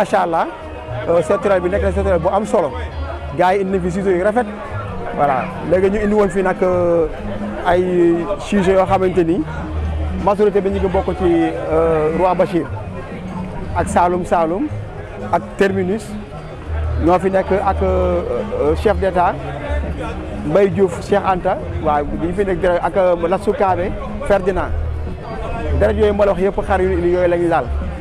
macha allah euh, sectoriel bi nekk na sectoriel bu am solo gars yi indi nañ fi ciseaux yu rafet voilà léegi ñu indi woon fii nag euh, ay ciseaux yoo xamante ni majorité bi ñu ngi bokk ci euh, Roi Bachir ak Saloum Saloum ak Terminus ñoo fi nekk ak chef d'état mbay Diouf Cheikh Anta waaw ñu fi nekk ak Lassou Kabe Ferdinand deret yooyu ma la wax yëpp xar yu yooyu la ñu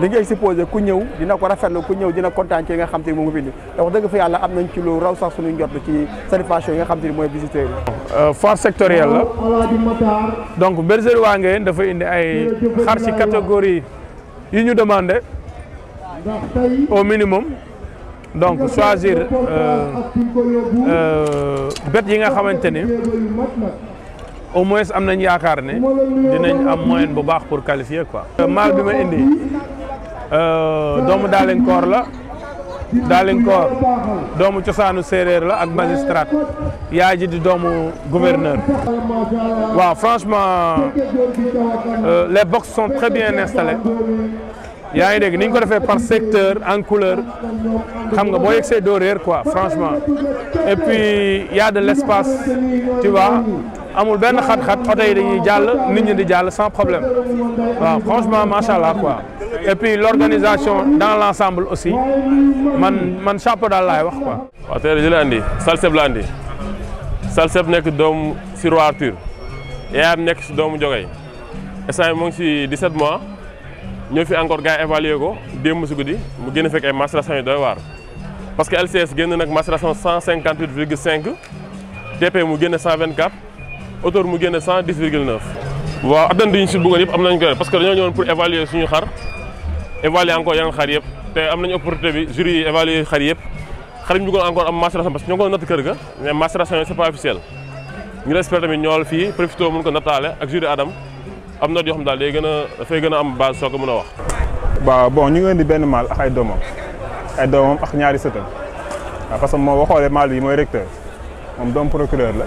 li nga exposé ku ñëw dina ko rafetlu ku ñëw dina kontaan ci nga xam te ni moom indi te wax dëgg fa yàlla am nañ sax suñu njort ci satisfaction yi nga xam te ni mooy visiteurs yi. Euh, sectorielle la donc bergerie Wangeen dafa indi ay xar ci catégorie yi ñu demandé au minimum donc choisir euh, euh, bet yi nga xamante ni au moins am nañ yaakaar ne dinañ am moyen bu baax pour qualifier quoi. maal bi ma indi. Euh, doomu Dalenkoor la Dalenkoor doomu cosaanu séeréer la ak magistrat yaay ji di doomu gouverneur wa franchement euh, les box sont très bien installés yaay deg niñ ko defé par secteur en couleur xam nga boo yegsee doo quoi franchement et puis il y a de l'espace tu vois amul ben khat khat yi dañuy sans problème franchement suis quoi et puis l'organisation dans l'ensemble aussi man man chapeau wax quoi. la andi Salseb la Arthur Et Jogay 17 mois encore gars évalué ko suis gudi mu parce que LCS a nak macération 158,5, mu 124. autour mu génne 110,9 waaw attente duñ ci si bëggoon yëpp am nañ ko parce que dañu ñëwoon pour évaluer suñu xar évaluer encore yeneen xar yëpp te am nañ opportunité bi jury évaluer xar yëpp xar yi ñu ko encore am macération parce que ñoo ko natt kër ga mais macération yi c'est pas officiel ñu respect tamit ñool fii profito mun ko natale ak jury Adam am na yoo xam daal day gën a dafay gën a am base soo ko mën a wax. waaw bon ñu ngi indi benn mal ak ay doomam ay doomam ak ñaari sëtam parce que moom boo xoolee maal bi mooy recteur moom doom procureur la.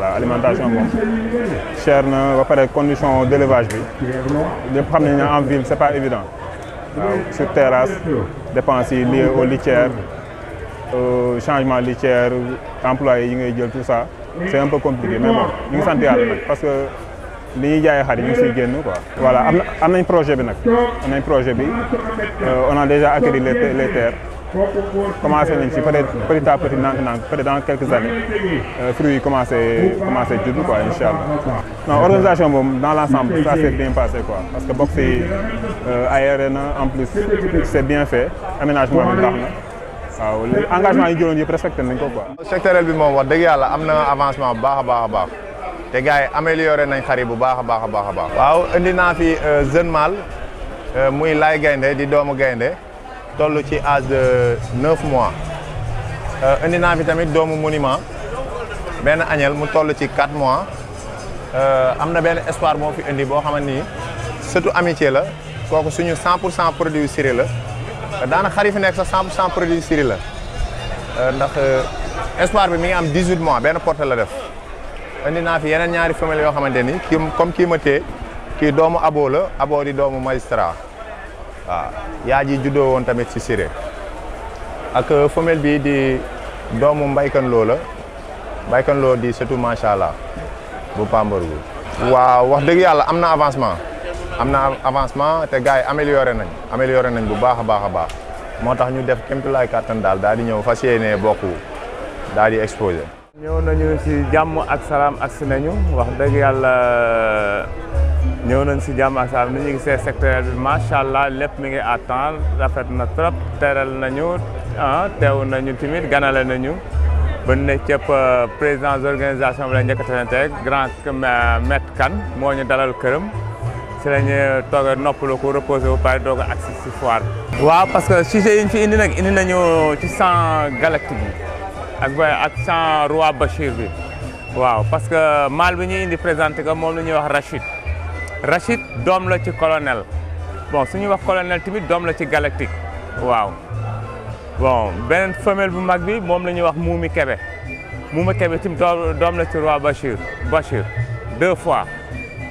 alimentation bon, cher On va condition d'élevage. bi en ville ce n'est pas évident sur terrasse dépenses liées aux litières euh, changement litière employés tout ça C'est un peu compliqué mais bon nous ngi sant yàlla parce que les gens qui xar voilà on a un projet On a un projet euh, on a déjà acquis les terres commencé nañ ci peut être petit à petit nank nank peut être dans quelques années euh, fruits yi commencé commencé judd quoi inchallah non organisation boobu dans l' ça s' bien passé quoi parce que box euh, aéré en plus c'est bien fait aménagement bi baax na. waaw engagement yi jëloon yëpp respecté nañ ko quoi. sectoriel bi mom wax deug yalla amna avancement bu baax a baax a baax te gars amélioré nañ xar bu baax a baax a baax. waaw indi na fi jeune euh, mal euh, muy Laay Gaynde di doomu Gaynde. toll ci âge de neuf mois euh, indi naa fi tamit doomu monument benn añel mu toll ci quatre mois euh, am na benn espoir moo fi indi boo xamante ni surtout amitié la kooku suñu cent pour cent produit Syrie la daana xar fi nekk sa cent pour cent produit Syrie la euh, ndax espoir bi mi ngi am dix huit mois benn porte la def indi naa fi yeneen ñaari femelle yoo xamante ni kii comme kii ma tee kii doomu aboola la di doomu magistrat waaw yaa ji juddoo woon tamit si Siré ak euh, femelle bi di doomu mbaykan loo la mbaykan loo di surtout macha allah bu Pambarour. waaw wax dëgg yàlla am na avancement am na avancement te gars yi amélioré nañ amélioré nañ bu baax a baax a baax moo tax ñu def kéemtulaay kàttan daal daal di ñëw fas yéenee bokk daal di exposé. ñëw nañu si jàmm ak salaam ak si nañu wax dëgg yàlla. ñëw nañ si jàmm ak salaam ni ñu gisee secteur bi macha allah lépp mi ngi à temps rafet na trop teral nañu ah teew nañu timit ganale nañu ba ne cëpp euh, président d' organisation bi la njëkk a grand maître Kane moo ñu dalal këram si la ñu toog a noppalu ko reposé bu pare doog ak agsi si foire waaw parce que sujet yi indi nag indi nañu ci champ galactique bi ak ba ak champ roi Bachir bi waaw parce que mal bi ñuy indi présenté ko moom la ñuy wax Rachid. Rachid doom la ci colonel bon suñuy wax colonel tamit doom la ci galactique waaw bon beneen femelle bu mag bi moom la ñuy wax Moumi Kébé Moumi Kébé tamit doom la ci roi Bachir Bachir deux fois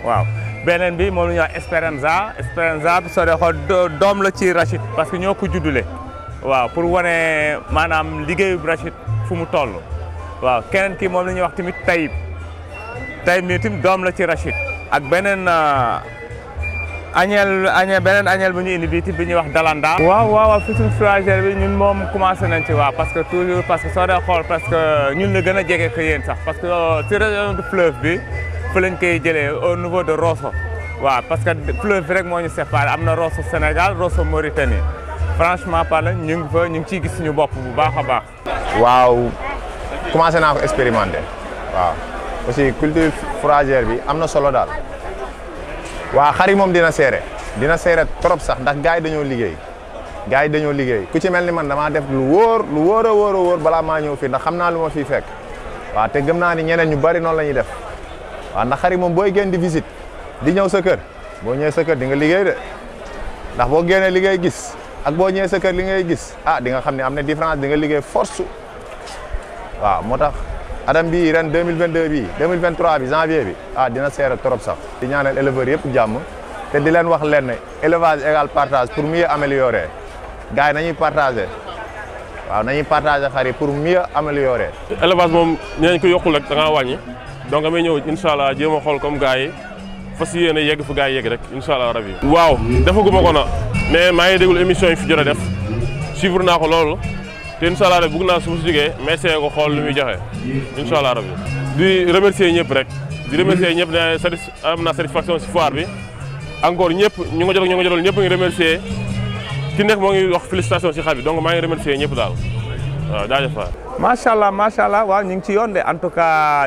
waaw beneen bi moom la ñuy wax Esperanza Esperanza bi soo dee doom la ci Rachid parce que ñoo ko juddule waaw pour wane maanaam liggéeyu Rachid fu mu toll waaw keneen kii moom la ñuy wax tamit Taïb Taïb mi tamit doom la ci Rachid ak beneen euh, añeel añeel beneen añeel bu ñu indi bii ci bi ñuy wax dalandaa waaw waaw fii suñu fourragère bi ñun moom commencé nañ ci waaw parce que toujours parce que so dee xool parce que ñun la gën a jege que yéen sax parce que si euh, région de fleuve bi fa lañ koy jëlee au niveau de Rosso waaw parce que fleuve bi rek moo ñu séparé am na Rosso Sénégal Rosso Mauritanie franchement parlant ñu ngi fa ñu ngi ciy gis suñu bopp bu baax a baax. waaw commencé naa ko waaw. aussi culture fourragère bi amna solo dal wa xari mom dina séré dina séré trop sax ndax gaay dañu liggéey gaay dañu liggéey ku ci melni man dama def lu wor lu wóor a wor bala ma ñew fi ndax xamna lu ma fi fekk wa te gëm naa ni ñeneen ñu bari non lañuy def wa ndax xari mom boy gën di visite di ñew sa kër bo ñew sa kër di nga liggéey de ndax bo génnee liggéey gis ak bo ñew sa kër li ngay gis ah di nga xamni amna différence di nga liggéey force wa motax adam 2022 2023 bi janvier bi ah dina de trop sax di ñaanal éleveurs yépp jamm té di leen wax élevage égal partage pour mieux améliorer gaay partager waaw pour mieux améliorer. élevage mom ko yokul ak da nga wañi donc amay ñëw incha allah jéem comme gaay fas yéene yegg fu gaay yegg rek ko na mais maa ngi émission yi suivre te so allah rek bëgg naa su si jógee mais ko xool joxe incha allah di remercier ñëpp rek di remercier ñëpp ne am na satisfaction si foire bi encore ñëpp ñu nga jot ñu nga jotal ñëpp ngi remercier ki nekk moo ngi wax si xar donc maa ngi remercier ñëpp daal waaw jaajëf fa macha allah macha waaw ñu ngi ci yoon de en tout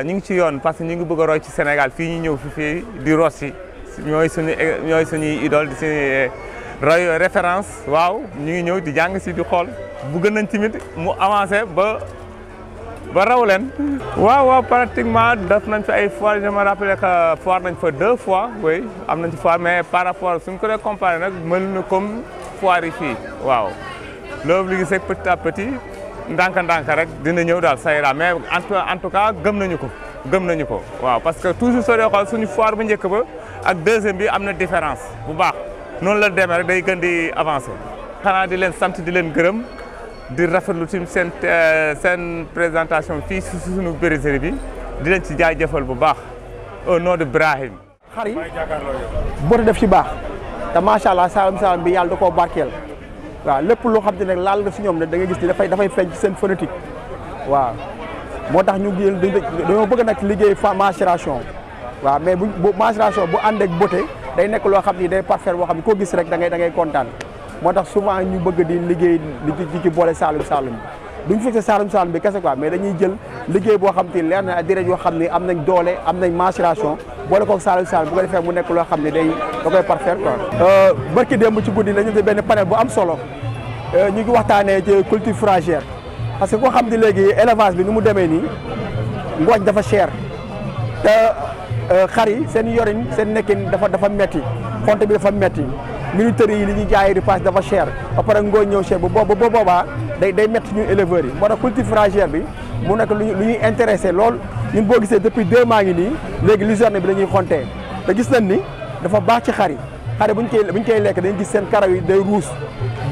ngi ci yoon parce que ñu ngi bëgg a roy ci Sénégal fii ñu ñëw fi fii di Rossi ñooy suñu ñooy suñuy di suñu roy référence waaw ñu ngi ñëw di jàng si di xool gën nañ timit mu avancé ba ba raw leen waaw waaw pratiquement def nañ fi ay foire je me rappelle que foire nañ fa deux fois oui am nañ ci foire mais par rapport suñ ko dee comparé nag mel na comme foire yi fii waaw loolu li gisee petit à petit ndank ndank rek dina ñëw daal ça ira mais en tout en tout cas gëm nañu ko gëm nañu ko waaw parce que toujours soo dee xool suñu foire bu njëkk ba ak deuxième bi am na différence bu baax noonu la demee rek day gën di avancé xanaa di leen sant di leen gërëm di rafetlu tim seen euh, seen présentation fii si suñu bergerie bi di leen si ci jëfal bu baax au nom de Brahim xar yi bota def si baax te macha allah saalam saalam bi yàlla da koo barkeel waaw lépp loo xam te ne laal na si ñoom ne da ngay gis ni dafay dafay feeñ seen phonétique waaw moo tax ñu dañoo bëgg nag liggéey maturation waaw mais bu maturation bu ànd ak beauté day nekk loo xam ni day parfaire boo xam ni ko gis rek da ngay da ngay moo tax souvent ñu bëgg di liggéey di ci boole saalum saalum duñ fekk saalum saalum bi kese quoi mais dañuy jël boo xam te leer na direct yoo xam ne am nañ doole am nañ maturation boole koog saalum saalum bu ko defee mu nekk loo xam ne day da koy parfaire quoi. Euh, barki démb ci guddi la ñu benn panel bu am solo euh, ñu ngi waxtaanee ci culture fourragère parce que koo xam ne léegi élevage bi ni mu demee nii ngooñ dafa cher te. Euh, xar yi seen yorin seen nekkin dafa dafa metti xonte bi dafa metti militaires yi li ñuy jaay ripaas dafa cher ba pare ngooñ ñëw cher bu boobu ba boobaa day day metti ñun éleveurs yi moo tax culture fourragère bi mu nekk lu ñuy intéressé lool ñu boo gisee depuis deux mois ngi nii léegi luzerne bi la ñuy xontee te gis nañ ni dafa baax ci xar yi xar yi buñ koy buñ koy lekk dañuy gis seen karaw yi day ruus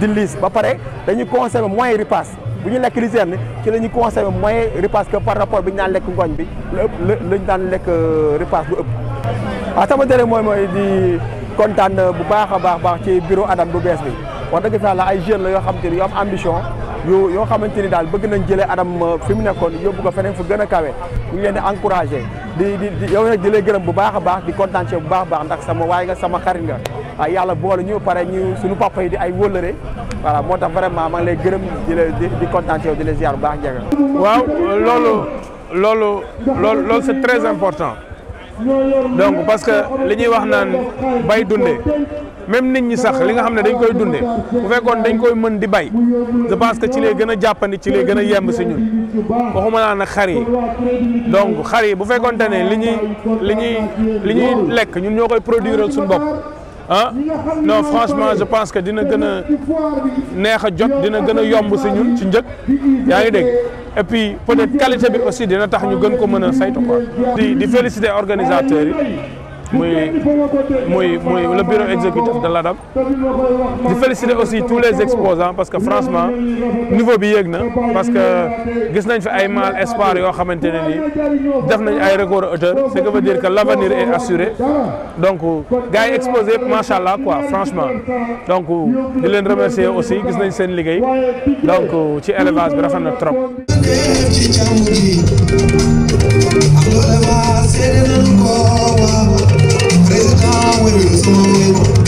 di liis ba pare dañuy consommer moins ripaas bu ñu lekk luzerne ci la ñuy consommé moyen repas que par rapport bi ñu daan lekk ngooñ bi la ëpp la ñu daan lekk euh, repas bu ëpp. waaw sama dere mooy mooy di kontaan bu baax a baax baax ci bureau Adam bu bees bi wax dëgg fa la ay jeunes la yoo xam te ni yoo am ambition. yoo yoo xamante ni daal bëgg nañ jëlee Adam euh, fi mu nekkoon yóbbu ko feneen fu gën a kawe ñu leen di encouragé di di yow nag di lay gërëm bu baax a baax di kontaan bu baax a baax ndax sama waay nga sama xarit ay yàlla boole ñu pare ñu suñu papa yi di ay wóllëre voilà moo tax vraiment maa ngi lay gërëm di la di kontaan yow di la ziar bu baax njega waaw loolu loolu loolu loolu c'est très important donc parce que li ñuy wax naan bay dunde même nit ñi sax li nga xam ne dañ koy dundee bu fekkoon dañ koy mën di bay je pense que ci lay gën a jàppandi ci lay gën a yemb si ñun waxuma naa nag xar yi donc xar yi bu fekkoonte ne li ñuy li ñuy li ñuy lekk ñun ñoo koy produire suñu bopp ah non franchement je pense que dina gën a neex a jot dina gën a yomb si ñun ci njëkk yaa ngi dégg et puis peut-être qualité bi aussi dina tax ñu gën ko mën a saytu quoi. di di féliciter organisateurs yi. le bureau exécutif de l'ADAP. Je félicite aussi tous les exposants parce que franchement niveau billet parce que gis nañ fi ay mal espoir et un ne nii def nañ ay record ce qui veut dire que l'avenir est assuré donc gars exposé quoi franchement donc je les remercier aussi gis nañ seen liggéey donc ci élevage bi rafet na trop.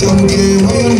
Give when